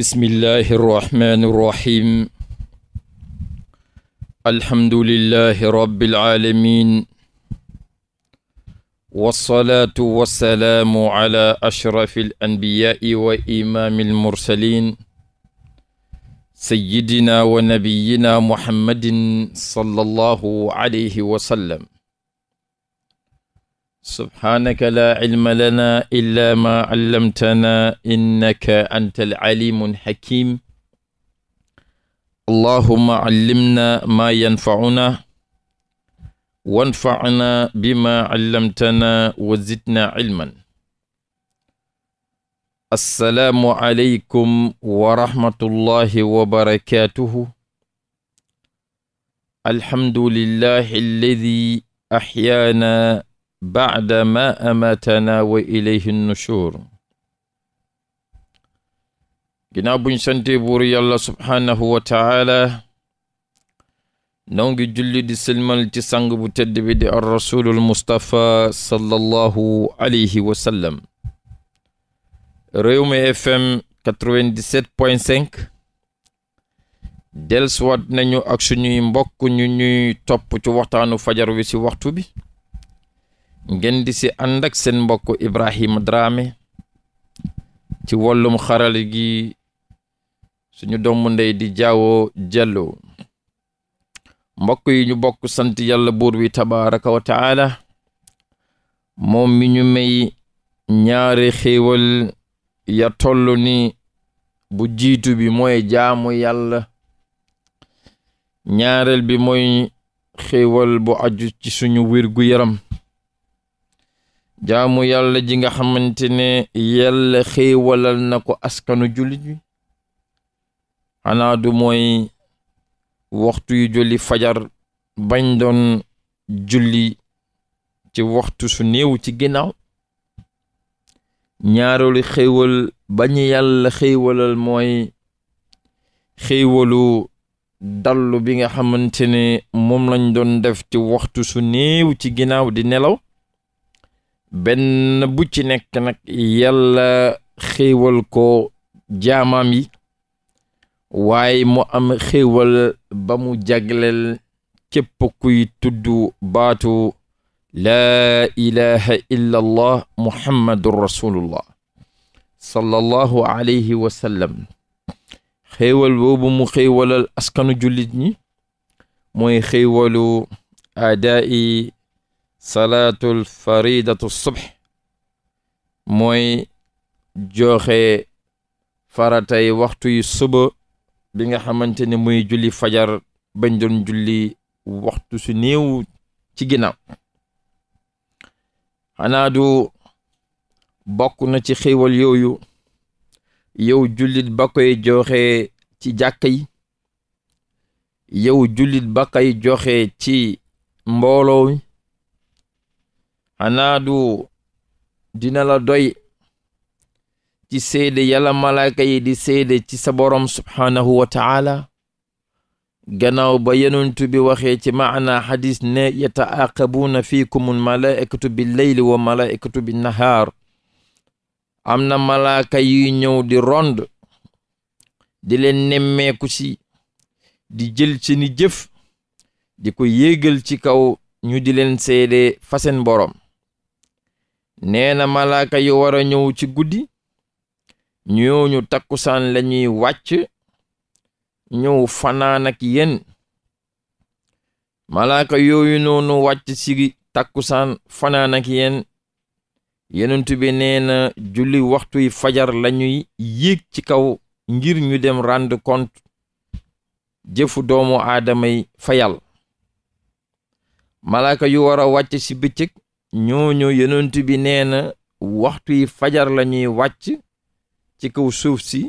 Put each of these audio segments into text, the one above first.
bismillahi irrahmani irrahim alhamdulillahi rabbil aalamin wassalaatu wassalaamu ala ashrafi al anbiyaai wa imaami almursalin sayyidina wa nabiyina muhammadin sallallahu alayhi wa sallam subhaanaka laa ilma lanaa illaa maa allamtanaa innaka anta al-aliimu al-hakiim allahumma allimnaa maa yanfa'unaa wanfa'naa bimaa 'allamtanaa wa zidnaa 'ilman assalaamu aleykum wa rahmatullaahi wa barakaatuhu alhamdulillaahil lazii ahyaanaa baada ma amatana wa ilayhi nushur ginnaaw buñ sante buur yàlla subhaanahu wa taala noo ngi julli di sëlmal ci bu tedd bi di ar rasulul mustapha sallallahu alayhi wa sallam réew mi fm 97.5 nañu ak suñuy mbokk ñu ñuy topp ci waxtaanu fajar wi ci waxtu bi ngeen di si ànd ak seen mbokk Ibrahima Dramé ci wàllum xaral gi suñu doomu ndey di jawoo jalloo mbokk yi ñu bokk sant yàlla buur tabaraka wa taala moom mi ñu may ñaari xéewal ya toll ni bu jiitu bi mooy jaamu yàlla ñaareel bi mooy xéewal bu aju ci suñu wirgu yaram jaamu yàlla ji nga xamante ne yàlla xéewalal na ko askanu jullit bi du mooy waxtu yu julli fajar bañ doon julli ci waxtu su néew ci ginnaaw ñaareelu xéewal bañu yàlla xéewalal mooy xéewalu dallu bi nga xamante ne moom lañ doon def ci waxtu su néew ci ginnaaw di nelaw benn bu ci nekk nag yàlla xéewal ko jaamaam yi waaye mu am xéewal ba mu jagleel képp kuy tudd baatu laa ilaha illa allah muhammadun rasulullah sallallahu alayhi wa sallam xéewal boobu mu xéewalal askanu jullit ñi mooy xéewalu aadaa'i salaatul faridatu subh mooy joxe faratay waxtu yu suba bi nga xamante ne muy julli fajar bañ doon julli waxtu su néew ci ginnaaw xanaa du bokk na ci xéewal yooyu yow jullit ba koy joxe ci jàkka yow jullit ba koy joxe ci mbooloo mi anaadu dina la doy ci seede yàlla malaaka yi di seede ci sa borom subhaanahu wa taala gannaaw ba yenentu bi waxee ci maana xadis ne yataaqabuuna fiikum almalaikatu bi leyli wa malaikatu bi am na malaaka yi ñëw di rond di leen nemmeeku ci di jël ci di ko yéegal ci kaw ñu di leen seede fa seen borom neena malaaka yu war a ñëw ci guddi ñooñu takkusaan lañuy ñuy wàcc ñëw fanaan ak malaaka yooyu noonu wàcc ci takkusaan fanaan ak yéen bi nee julli waxtuy fajar lañuy yéeg ci kaw ngir ñu dem rendre kont jëfu doomu aadama yi malaaka yu war a wàcc ci bëccëg ñooñu yonent bi nee na waxtu yi fajar la ñuy wàcc ci kaw suuf si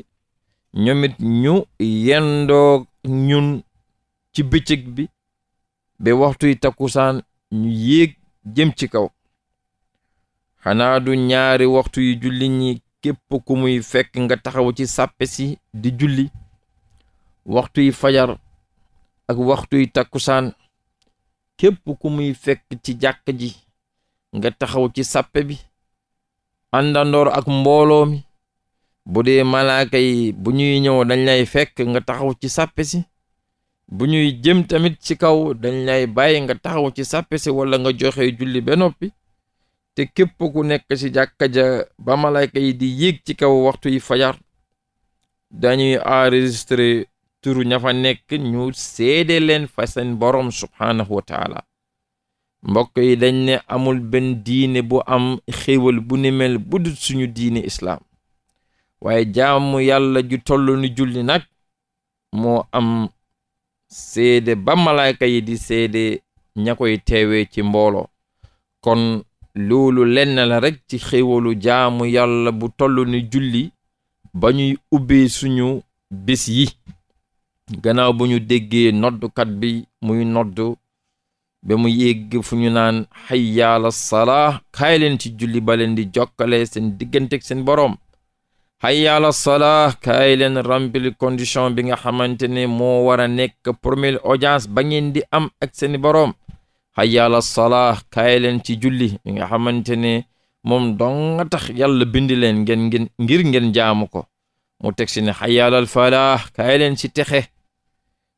ñoomit ñu yendoo ñun ci bëccëg bi be waxtu yi takkusaan ñu yéeg jëm ci kaw xanaa du ñaari waxtu yi julli ñi képp ku muy fekk nga taxaw ci sàppe si di julli waxtu yi fajar ak waxtu yi takkusaan képp ku muy fekk ci jàkk ji nga taxaw ci sappe bi àndandoor ak mbooloo mi bu dee malaaka bu ñuy ñëw dañ lay fekk nga taxaw ci sàppe si bu ñuy jëm tamit ci kaw dañ lay bàyyi nga taxaw ci sàppe si wala nga joxe julli ba noppi te képp ku nekk ci jàkka ja ba malaaka di yéeg ci kaw waxtu yi fajar dañuy enregistré turu ña nekk ñu seede leen fa seen borom subhaanahu wa mbokk yi dañ ne amul benn diine bu am xéewal bu ni mel suñu diine islaam waaye jaamu yàlla ju toll ni julli nag moo am seede ba malaayka yi di seede ña koy teewee ci mbooloo kon loolu lenn la rekk ci xéewalu jaamu yàlla bu toll ni julli ba ñuy ubbee suñu bés yi gannaaw bu ñu déggee noddukat bi muy noddu ba mu yegg fu ñu naan hayya ala salaa kaay ci julli ba leen di jokkale seen digganteeg seen boroom hayya ala salaa kaay leen rempli condition bi nga xamante ne moo war a nekk premier audience ba ngeen di am ak seen boroom hayya ala kaay leen ci julli bi nga xamante ne moom dong nga tax yàlla bindi leen ngeen ngeen ngir ngeen jaamu ko mu teg si ne hayya kaay leen ci texe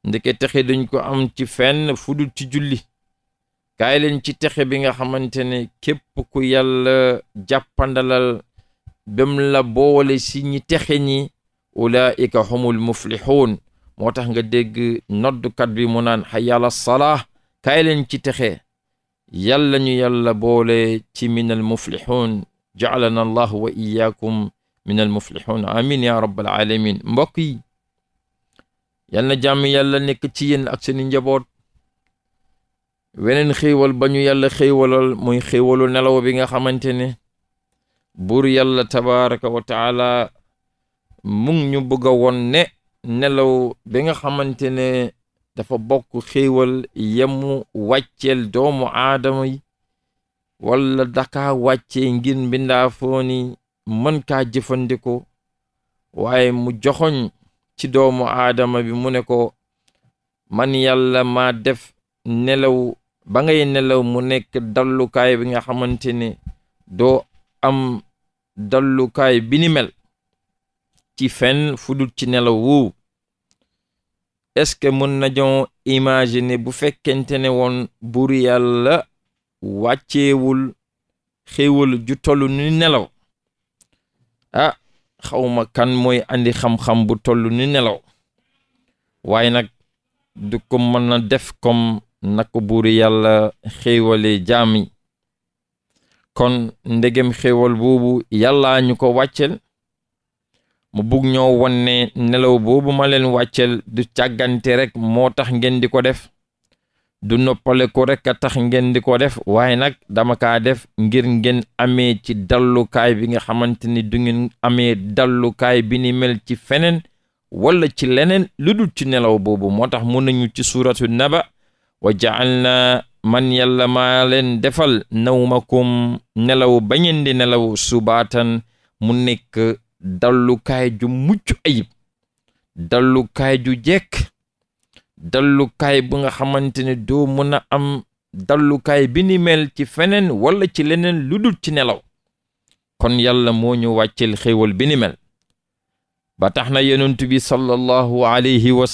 ndeke texe dañ ko am ci fenn fu dul ci julli kaay leen ci texe bi nga xamante ne képp ku yàlla jàppandalal bem la boole si ñi texe ñi ulaika humul muflixuun moo tax nga dégg noddukat bi mu naan xayala salaa kaay leen ci texe yal ñu yàlla boole ci minal muflixuun jaalana allah wa iyaakum minal muflixuun amin ya rabbal alamin mbokk yi yal na jàmm yàlla nekk ci yéen ak seeni njaboot weneen xéewal ba ñu yàlla muy xéewalu nelaw bi nga xamante ne buur yàlla tabaraka wa taala ñu bëgg a woon ne nelaw bi nga xamante ne dafa bokk xéewal yemu wàcceel doomu aadama yi wala dakaa wàccee ngir mbindaafoo ni mën kaa jëfandikoo waaye mu joxoñ ci doomu aadama bi mu ne ko man yàlla ma def nelaw ba ngay nelaw mu nekk dallukaay bi nga xamante ne doo am dallukaay bini mel ci fenn fu dul ci nelaw woowu est-ce que mën nañoo imaginer bu fekkente ne woon buur yàlla wàcceewul xéewal ju tollu ni nelaw a ah, xawma kan mooy andi xam-xam bu toll ni nelaw waaye nag du ko mën na def kom na ko buur yàlla xéewale jaam yi kon ndegem xéewal boobu yàlla ñu ko wàccel mu bugg ñoo wonne nelaw boobu ma leen wàccel du càggante rek moo tax ngeen di ko def du noppale ko rek a tax ngeen di ko def waaye nag dama kaa def ngir ngeen amee ci dallukaay bi nga xamante ni du ngeen amee dallukaay bi ni mel ci feneen wala ci leneen lu ci nelaw boobu moo tax mun nañu ci suuratu naba wa ja'alna man yàlla maa leen defal nawmakum nelaw ba ngeen nelaw subaatan mu nekk dallukaay ju mucc ayib dallukaay ju jekk dallukaay bu nga xamante ne doo mën a am dallukaay bi ni ci feneen wala ci leneen lu dul ci nelaw kon yàlla moo ñu wàccel xéewal bi ba tax na yonent bi sallallahu alayhi wa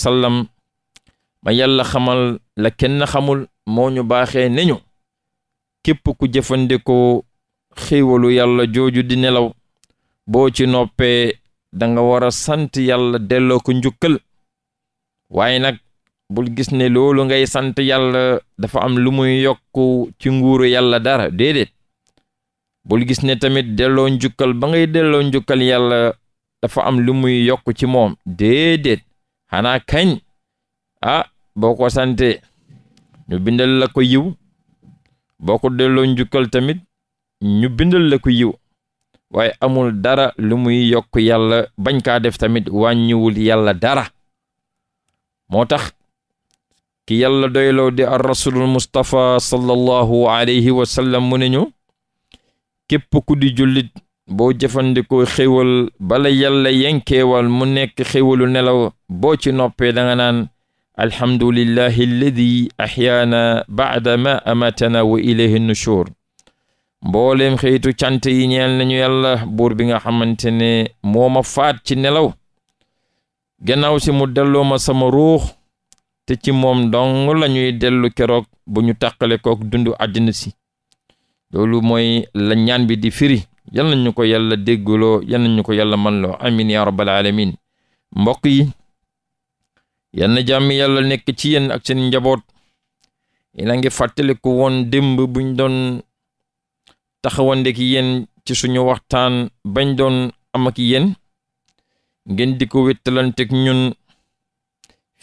ma yàlla xamal la kenn xamul moo ñu baaxee ne ñu képp ku jëfandikoo xéewalu yàlla jooju di nelaw boo ci noppee danga war a sant yàlla delloo ko njukkal waaye nag bul gis ne loolu ngay sant yàlla dafa am lu muy yokku ci nguuru yàlla dara déedéet bul gis ne tamit delloo njukkal ba ngay delloo njukkal yàlla dafa am lu muy yokk ci moom déedéet xanaa kañ a ah, boo ko santee ñu bindal la ko yiw boo ko delloo njukkal tamit ñu bindal la ko yiw waaye amul dara lu muy yokk yàlla bañ kaa def tamit wàññiwul yàlla dara moo tax ki yàlla doyloo di ar rasulul mustapha sallallahu alayhi mu ne ñu képp ku jullit boo jëfandikoo xéwal bala yàlla yenkeewal mu nekk xéwalu nelaw boo ci noppee danga alhamdulillahi alladi axyaana baada ma amatana wa ilayhi nushur mbooleem xëytu cant yi ñeel nañu yàlla buur bi nga xamante ne moo ma faat ci nelaw gannaaw si mu delloo ma sama ruux te ci moom dong la ñuy dellu keroog bu ñu tàqale kook dundu àddina si loolu mooy la ñaan bi di firi yal nañu ko yàlla déggloo yal nañu ko yàlla man loo amin ya rabbal alamin mbokk yann jàmm yàlla nekk ci yéen ak seen njaboot yéen a ngi fàttaliku woon démb buñ doon taxawande ki yéen ci suñu waxtaan bañ doon am ak yéen ngeen di ko wéttalanteeg ñun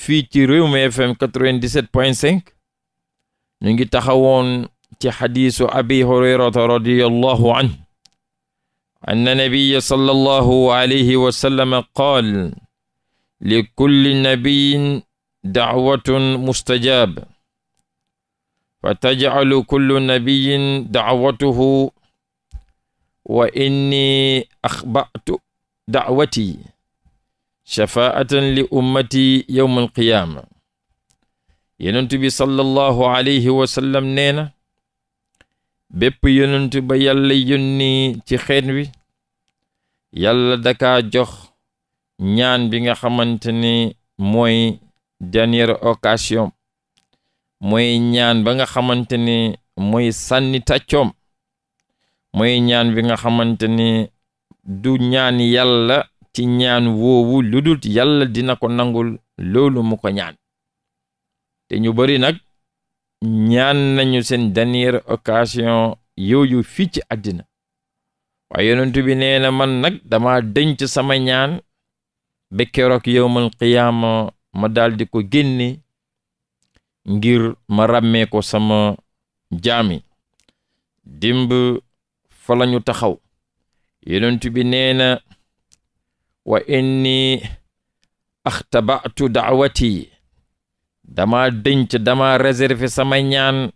fii ci Rewmi FM 97.5 ñu ngi taxawoon ci xadiisu abi hurayrata radiyallahu anhu anna nabiyya sallallahu alayhi wa qaal li kulli nabiyin dacwatun mustajaab fa tajcalu kullu nabiyin wa inni axbatu dacwati shafaatan li ummati yowm alqiyaama yonentu bi sallallahu alayhi wa sallam nee na bépp yonentu ba yàlla yónni ci xeet wi daka dakaa jox ñaan bi nga xamante ni mooy dernière occasion mooy ñaan ba nga xamante ni mooy sànni tàccoom mooy ñaan bi nga xamante ni du ñaan yàlla ci ñaan woowu lu dul yàlla dina ko nangul loolu mu ko ñaan te ñu bari nag ñaan nañu seen dernière occasion yooyu fii ci àddina waaye yonent bi man nag dama denc sama ñaan ba keroog yowmal qiyaama ma daldi ko génne ngir ma ràmmee ko sama jaami dimb falañu taxaw yonent bi nee na wa inni axtabatu daawati dama denc dama réserver sama ñaan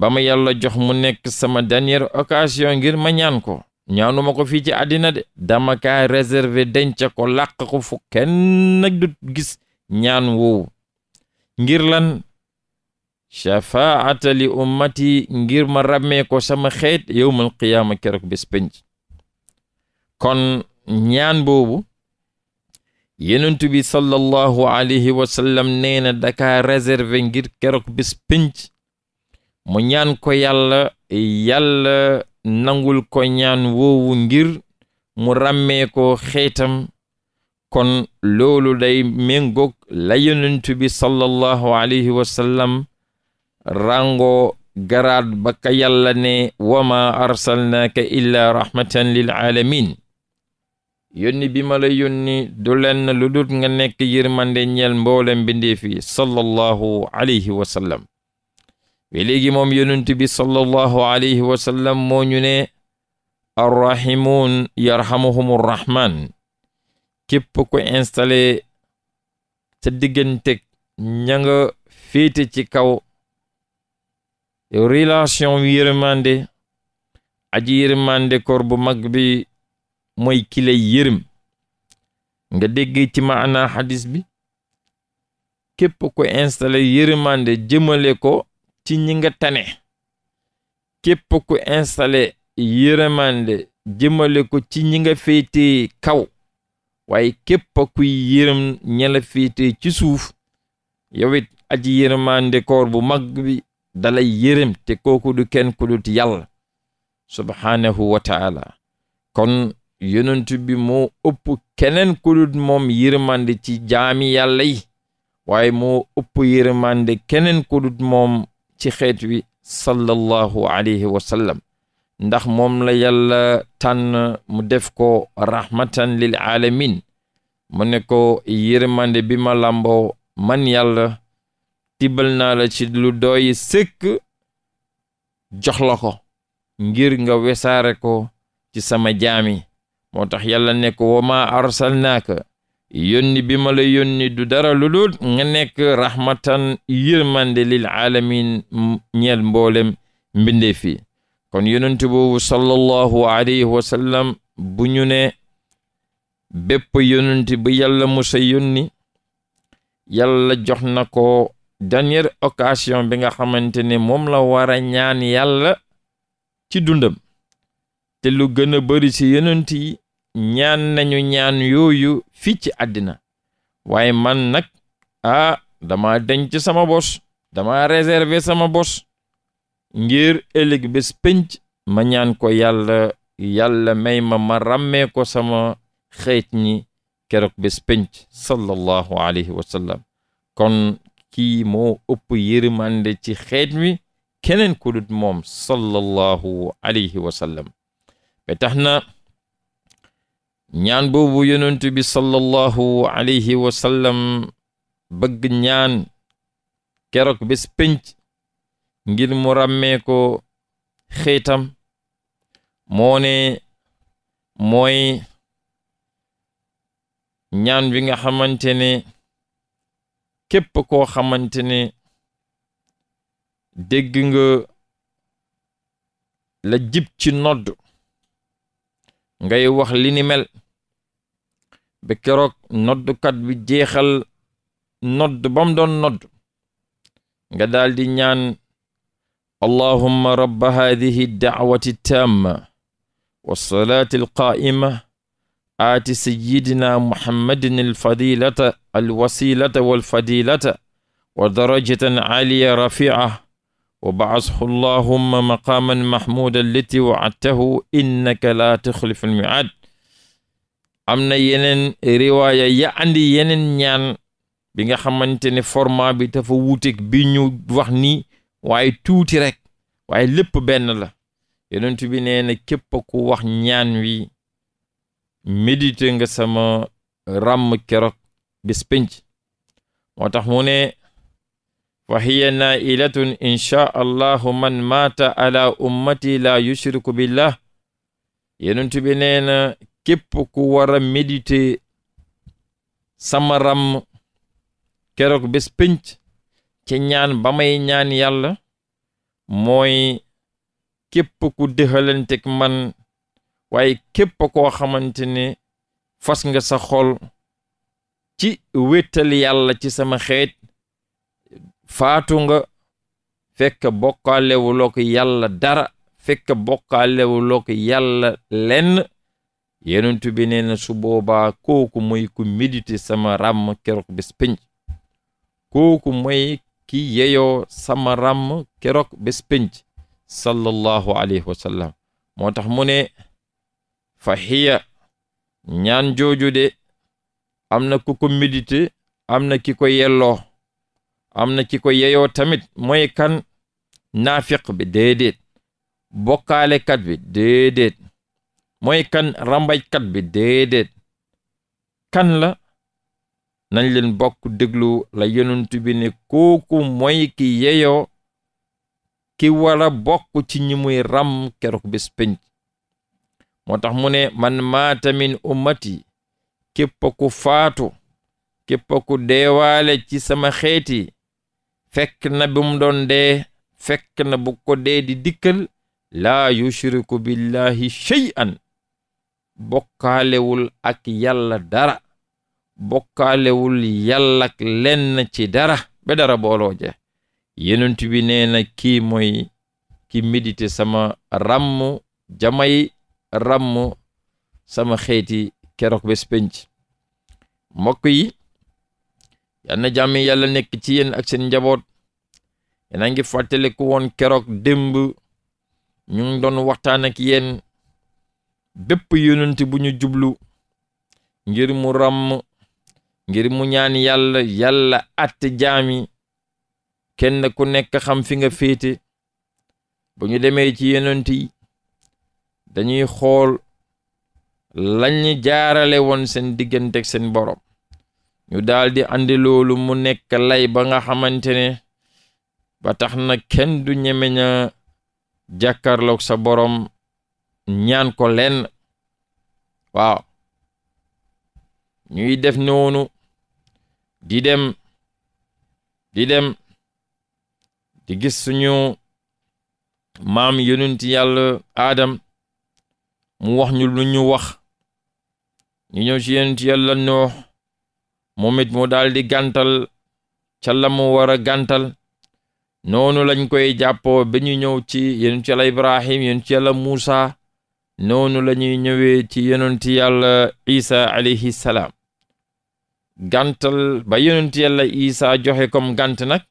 bama ma yàlla jox mu nekk sama dernière occasion ngir ma ñaan ko ñaanuma ko fii ci àddina de dama kaa réserver denc ko làq ko fu kenn nag gis ñaan woowu ngir lan shafaata ummati ngir ma ràmmee ko sama xeet yowmal qiyaama keroog bés kon ñaan boobu yenentu bi sallallahu alayhi wa sallam nee na ngir keroog bispinc penc ñaan ko yàlla yàlla nangul ko ñaan woowu ngir mu ràmmee ko xeetam kon loolu day méngoog la yonent bi sallallahu alayhi wa sallam rango garaat ba ka yàlla ne wama arsalnaaka illaa rahmatan lil aalamin yónni bi ma la yónni du lenn lu dut nga nekk yërmande ñeel mboolem mbindeef yi sallallahu alayhi wa ba léegi moom yonent bi sallallahu alayhi wa sallam moo ñu ne arrahimun yarhamuhum arrahman képp ko installé sa diggante ña nga ci kaw relation yërmande aji yërmande koor bu mag bi mooy ki lay nga dégg ci maana xadis bi képp ko installé yërmande jëmale ko ci ñi nga tane képp ku installé yërëmande jëmale ko ci ñi nga féete kaw waaye képp kuy yërëm ña la ci suuf yowit it aji koor bu mag bi dalay yërëm te kooku kenn ku dut yàlla subhaanahu wa kon yonent moo ëpp keneen ku moom yërëmande ci jaami yàlla yi moo ëpp yërëmande keneen ku moom ci xeet wi sallallahu alayhi wa ndax moom la yàlla tànn mu def ko rahmatan lil aalamin mu ne ko yërmande bi ma làmboo man yàlla tibbal naa la ci lu doy sëkk jox la ko ngir nga wesaare ko ci sama jaami moo tax yàlla ne ko wa arsalnaaka yónni bi ma la yónni du dara lu dul nga nekk rahmatan yërmande lil aalamin ñeel mboolem mbindee fi kon yonent boobu sallallahu alayhi wa sallam bu ñu ne bépp yonent bu yàlla musa yónni yàlla jox na ko dernière occasion bi nga xamante ne moom la wara a ñaan yàlla ci dundam te lu gën a ñaan nañu ñaan yooyu fii ci àddina waaye man nag aa ah, dama denc sama bos dama réserver sama bos ngir ëllëg bés mañaan ko yàlla yàlla may ma ma ràmmee ko sama xeet ñi keroog bés pénc sallallahu kon ki moo ëpp mande ci xeet wi keneen ku dut moom sallallahu alayhi wa sallam tax na ñaan boobu yonent bi sallallahu alayhi wa bëgg ñaan keroog bés pénc ngir mu ràmmee xeetam moo ne mooy ñaan bi nga xamante ne képp koo xamante ne dégg nga la jib ci nodd ngay wax ba keroog noddukat bi jeexal nodd ba mu doon nodd nga daldi ñaan allahumma rabba haadihi dacwati taamma wassalaati alqaa'ima aati sayidina muhammadin alfadilata alwasilata walfadilata wa darajatan caaliya rafica wa bacashu allahumma maqaaman maxmuudan lati wacadtahu innaka laa tuxlifu almicaad am na yeneen riwaaya ya andi yeneen ñaan bi nga xamante ne format bi tafa wuuteeg bi ñu wax ni waaye tuuti rek waaye lépp benn la yonent bi nee na képp ku wax ñaan wi médité nga sama ràmm keroog bis pénc moo tax mu ne fa hiya nailatun inchaa allahu man maata ala ummati la yushriku billah yonent bi nee képp ku war a sama ràmm keroog bés pénc ci ñaan ba may ñaan yàlla mooy képp ku dëxalanteeg man waaye képp koo xamante ne fas nga sa xol ci wéttal yàlla ci sama xeet faatu nga fekk bokkaalewuloo ko yàlla dara fekk bokkaalewuloo ko yàlla lenn yonent bi nee na su boobaa kooku ku médité sama ràmm keroog bés pénc kooku ki yeyoo sama ràmm keroog bés pénc sallallahu alayhi wa sallam moo tax mu ne fa xiya ñaan jooju de am na ku ko médité am na ki ko yelloo am na ki ko yeyoo tamit moy kan naafiq bi déedéet bokkaalekat bi déedéet mooy kan bi déedéet kan la nañ leen bokk déglu la yonent bi ne kooku mooy ki yeyoo ki war bokk ci ñi muy ràm keroog bés moo tax mu ne man maata min ummati képp ku faatu képp ku deewaale ci sama xeeti fekk na bi doon dee fekk na bu ko dee di dikkal laa yushriku an bokkaalewul ak yàlla dara bokkaalewul yàlla ak lenn ci dara be dara booloo je yenent bi nee na kii mooy ki médité sama ràmm jamay ràmm sama xeeti keroog bés penc mbokk yi yal na jàmm yàlla nekk ci yéen ak seen njaboot yéen a ngi fàttaliku woon keroog démb ñu ngi doon waxtaan ak yéen bépp yonent bu ñu jublu ngir mu ràmm ngir mu ñaan yàlla yàlla àtte jaami kenn ku nekk xam fi nga féete bu ñu demee ci yonent dañuy xool lañ jaarale woon seen diggante ak seen borom ñu daldi andi loolu mu nekk lay ba nga xamante ne ba tax na kenn du ñemeñ a jàkkarloog sa borom ñaan ko lenn waaw ñuy def noonu di dem di dem di gis suñu maam yonent yàlla aadam mu wax ñu lu ñu wax ñu ñëw ci yonent yàlla noox moom it mu daldi gantal gàntal ca la mu war a gàntal noonu lañ koy jàppoo ba ñu ñëw ci yonent yàlla ibrahim yonent yàlla muusa noonu la ñuy ñëwee ci yonenti yàlla isa alayhi salaam gàntal ba yonenti yàlla isa joxe comme gànt nag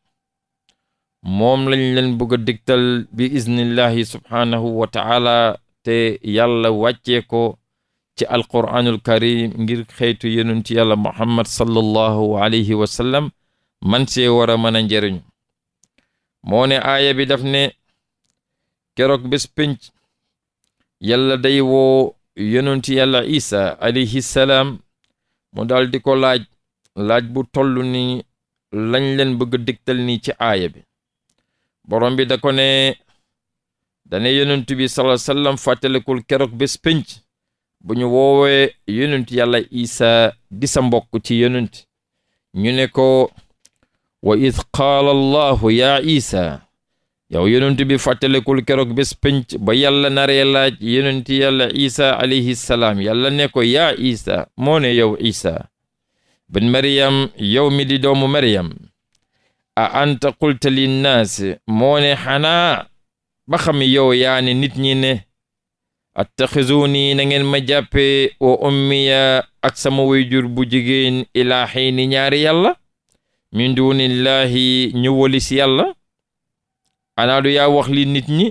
moom lañu leen bëgg a digtal bi iznillahi subhaanahu wa taala te yàlla wàccee ko ci alquraanul karim ngir xeetu yonenti yàlla muhammad sallallahu alayhi wa man see war a mën a njëriñu moo ne daf ne keroog bés yàlla day woo yonentu yàlla isa alayhi mu daldi ko laaj laaj bu toll ni lañ leen bëgg dégtal nii ci aaya bi borom bi da ko ne dane yonent bi salaa sallam fàttalekul keroog bés pénc bu ñu woowee yonent yàlla isa di sa mbokk ci yonent ñu ne ko wa id qaala allahu ya isa yow yonent bi fàttalikul keroog bés penc ba yàlla naree laaj yonent yàlla isa alayhi salaam yàlla ne ko yaa isa moo ne yow bin maryam yow mi di doomu mariyam a anta qulta linnaas moo ne xanaa ba xam yow yaa nit ñi ne attaxisuuni na ngeen ma jàppe wa ummiya ak sama bu jigéen ilaahi ni ñaari yàlla min dunillahi ñu wolis anaa du yaa wax li nit ñi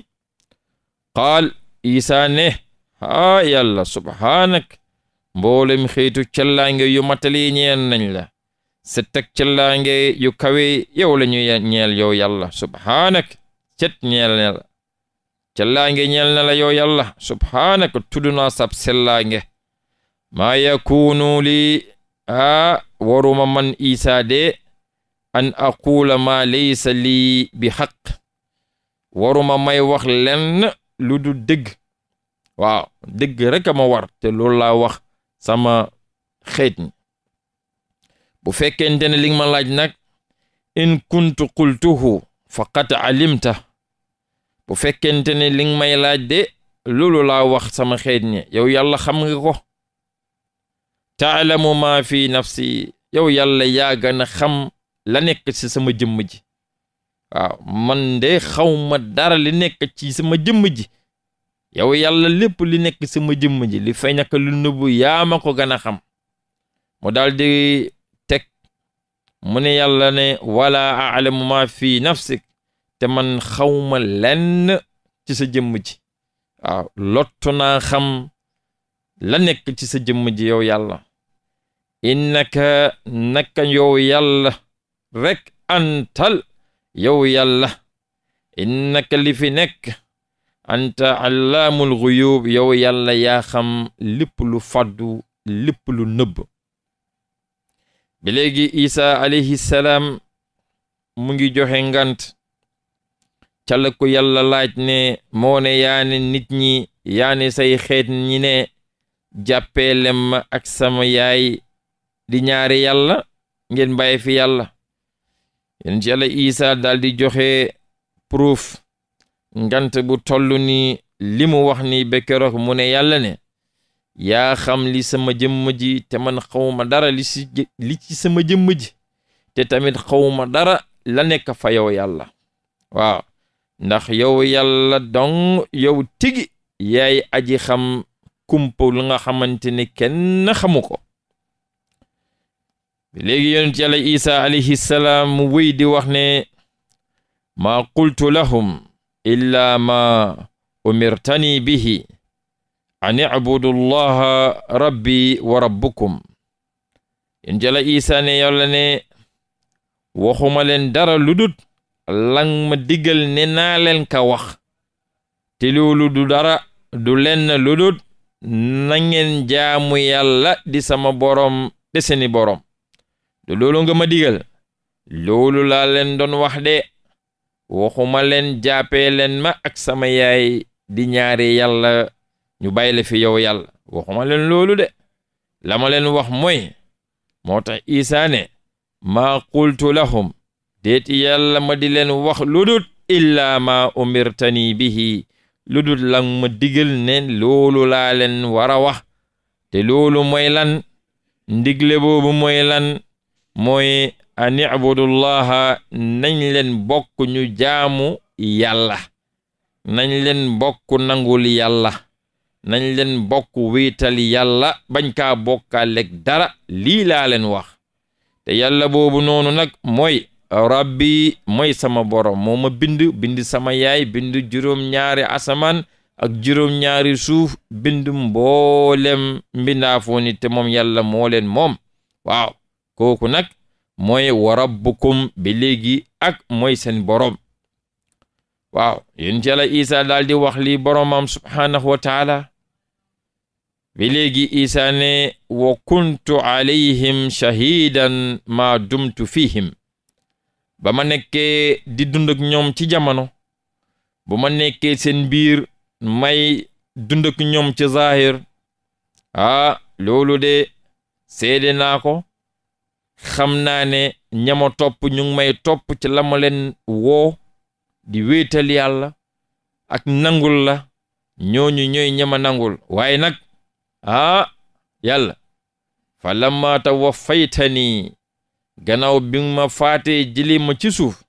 qaal isaa ne haa yàlla subhaanak mboolem xeetu cellaange yu matali ñeel nañ la set ak cellaange yu kawe yow la ñu ñeel yàlla subhaanak cet ñeel na cellaange ñeel na la yow yàlla subhaanak tuddu naa sab sellaange maa yakunu li aa waruma man isaa de an aquula maa laysa lii bi xaq waruma may wax lenn lu du dëgg waaw dëgg rek a ma war te loolu laa wax sama xeet bu fekkente ne li ma laaj nag in kuntu qultuhu faqad alimta bu fekkente ne li may laaj de loolu laa wax sama xeet ñi yow yàlla xam nga ko taalamu maa fi nafsi yow yàlla yaa gën a xam la nekk ci sama jëmm ji waaw man de xawma dara li nekk ci sama jëmm ji yow yàlla lépp li nekk sama jëmm ji li feeñ ak lu nëbbu yaa ko gën a xam mu daldi di teg mu ne yàlla ne wala alamu ma fi nafsik te man xaw ma lenn ci sa jëmm ji waaw lottu naa xam la nekk ci sa jëmm ji yow yàlla innaka naka yow yàlla rek antal yow yàlla innaka li nekk anta allaamul xuyub yow yàlla yaaxam xam lépp lu fàddu nëbb ba léegi isa alayhi salaam mu ngi joxe ngant ca la yàlla laaj ne moone ne nit ñi yaani say xeet ñi ne jàppee leen ma ak sama yaay di ñaari yàlla ngeen bàyyi fi yàlla yonent yàlla isa daldi joxe proof ngant bu toll ni li mu wax ni bekkeroog mu ne yàlla ne yaa xam li sama te man xawma dara li si ci sama jëmm ji te tamit xawma dara la nekk fa yow yàlla waaw ndax yow yàlla dong yow tigi yaay aji xam kumpa lu nga xamante ni kenn xamu ko léegi yonent yàlla isa alayhi salaam mu di wax ne maa qultu lahum illa ma umirtani bihi an ibudu llaha rabbi wa rabbukum yonent yàlla isa ne yàlla ne waxuma leen dara lu dut lan ma digal ne naa leen ka wax te loolu du dara du leen lu dut na ngeen jaamu yàlla di sama boroom de seeni boroom te loolu nga ma digal loolu laa leen doon wax de waxuma leen jàppee leen ma ak sama yaay di ñaari yàlla ñu bàyyi la fi yow yàlla waxuma leen loolu de la ma leen wax mooy moo tax isaa ne maa qultu lahum déeti yàlla ma di leen wax lu dut illaa maa umirtani bihi lu dut lan ma digal ne loolu laa leen war a wax te loolu mooy lan ndigle boobu mooy lan mooy an ibudullaha nañ leen bokk ñu jaamu yàlla nañ leen bokk nangul yàlla nañ leen bokk wiital yàlla bañ kaa bokkaaleeg dara lii laa leen wax te yàlla boobu noonu nag mooy rabbi moy sama boro moo ma bind bind sama yaay bind juróom-ñaari asamaan ak juróom-ñaari suuf bind mboolem mbindaafooni te moom yàlla moo leen moom waaw kooku nag mooy wa rabbukum ba léegi ak mooy seen borom waaw yéen ci yàlla isa daal di wax li boroomam subhaanahu taala ba léegi isa ne wa kuntu alayhim shahidan ma dumtu fihim ba ma nekkee di dund ñoom ci jamono bu ma nekkee seen biir may dund ñoom ci zaahir ah loolu de seede naa ko xam naa ne ñama topp ñu may topp ci la leen woo di wéetal yàlla ak nangul la ñooñu ñooy ñama nangul waaye nag ah yàlla fa lamma tawaffaytani gannaaw bing ma faatee jili ma ci suuf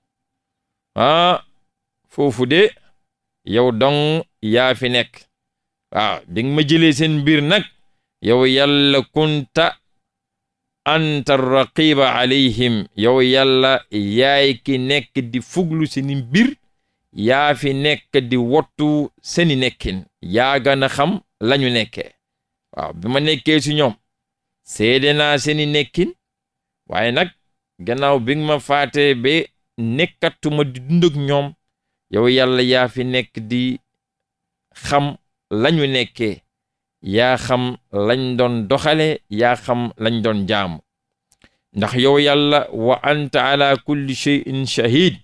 ah foofu de yow dong yaa fi nekk waaw bi ma jëlee seen mbir nag yow yàlla kunta anta raqiba alayhim yow yàlla yaay ki nekk di fuglu seeni mbir yaa fi nekk di wottu seeni nekkin yaa gën xam lañu nekkee bi ma nekkee ci ñoom seede naa seeni nekkin waaye nag gannaaw bi ma faate ba nekkatuma di dund ak ñoom yow yàlla yaa fi nekk di xam lañu nekkee yaa xam lañ doon doxale yaa xam lañ doon jaamu ndax yow yàlla wa anta ala kulli shay'in shahid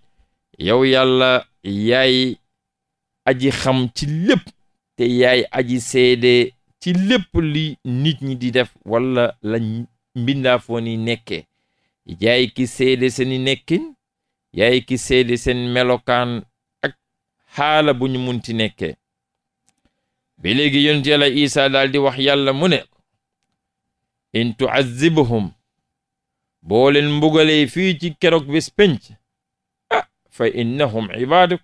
yow yàlla yaay aji xam ci lépp te yaay aji seede ci lépp li nit ñi di def wala lañ mbindaafoo ni nekkee yaay ki seede seeni nekkin yaay ki seede seen melokaan ak xaala bu ñu munti nekkee bi léegi yonent yàlla isaa daal di wax yàlla mu ne in tuazibhum boo leen mbugalee fii ci keroog bis penc ah fa innahum ibaaduk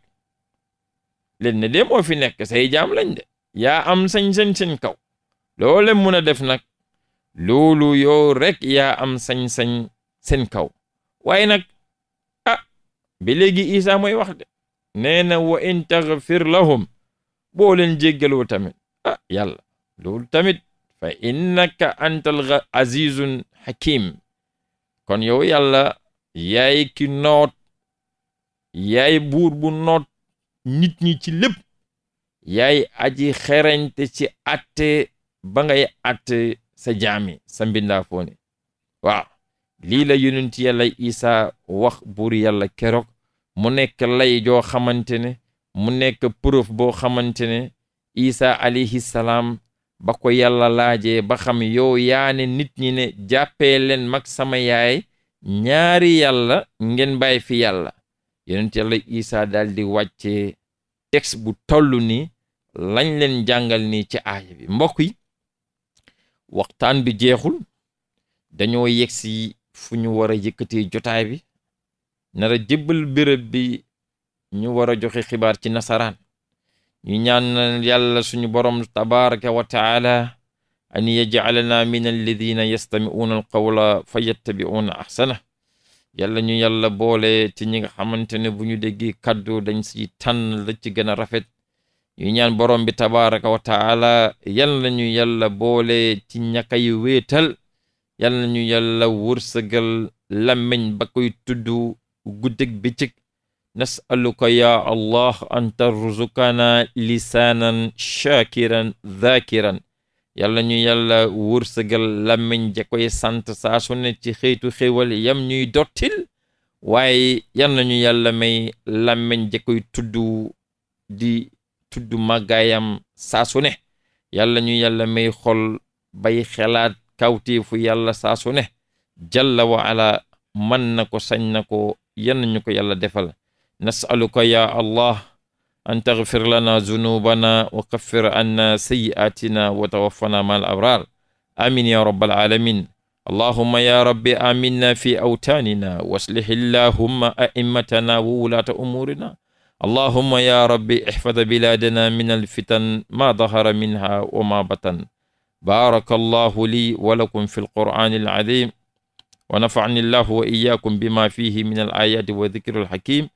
leen ne moo fi nekk sey jaam lañ yaa am sañ-sañ seen kaw loolen leen a def nag loolu yoo rekk yaa am sañ-sañ seen kaw waaye nag ah bi léegi isaa mooy wax na wa in taxfir lahum boo leen jéggaloo tamit ah yàlla loolu tamit fa innaka antal azizun hakim kon yow yàlla yaay ki noot yaay buur bu noot nit ñi ci lépp yay aji xerañte ci atte ba ngay atte sa jaami sa mbindaa fooni waaw lii la yonent yàlla Isaa wax buur yàlla keroog mu nekk lay joo xamante ne mu nekk preuve boo xamante ne isa alayhi salaam ba ko yàlla laajee ba xam yow yaane nit ñi ne jàppee leen mag sama yaay ñaari yàlla ngeen bàyyi fi yàlla yonent yàlla isa daldi di wàccee bu toll ni lañ leen jàngal nii ci aaya mbokk yi waxtaan bi jeexul dañoo yegsi fu ñu war a yëkkatee jotaay nara jébbal béréb bi ñu war a joxe xibaar ci nasaraan ñu ñaan yàlla suñu borom tabaraka wa taala an yaj'alana min alladina yastami'una alqawla fa yattabi'una ahsana yàlla ñu yàlla boole ci ñi nga xamante ne bu ñu déggee kàddu dañ si tànn la ci gën a rafet ñu ñaan borom bi tabaraka wa taala yàlla ñu yàlla boole ci ñakay wéetal yàlla ñu yàlla wërsëgal làmmiñ ba koy tudd guddeeg bëccëg nasaluka ya allah an tarzuqana lisaanan shaakiran dhaakiran yàlla ñu yàlla wërsëgal làmmiñ ja koy sant saa su ne ci xëytu xéwal yam ñuy dottil waaye yal nañu yàlla may làmmiñ ja tuddu tudd yam tudd màggaayam ne yàlla ñu yàlla may xol bay xelaat kawteefu yàlla saa su jalla wa ala mën na ko sañ na ko yan ñu ko yàlla defal nasaluka ya allah an taxfir lana zunubana wa kaffir anna sayi'atina wa tawaffana mal abrar amin ya rabbal alamin allahumma ya rabbi aminna fi awtanina wa aslih illahumma a'immatana wa wulata umurina allahumma ya rabbi ihfad biladana min alfitan ma dahara minha wa ma batan baraka allahu li wa lakum fi alqur'ani alazim wa nafa'ani allahu wa iyyakum bima fihi min alayati wa dhikri alhakim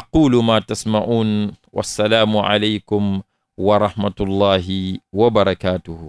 aqulu ma tasma'un wassalaamu aleykum wa rahmatullahi wa barakaatuhu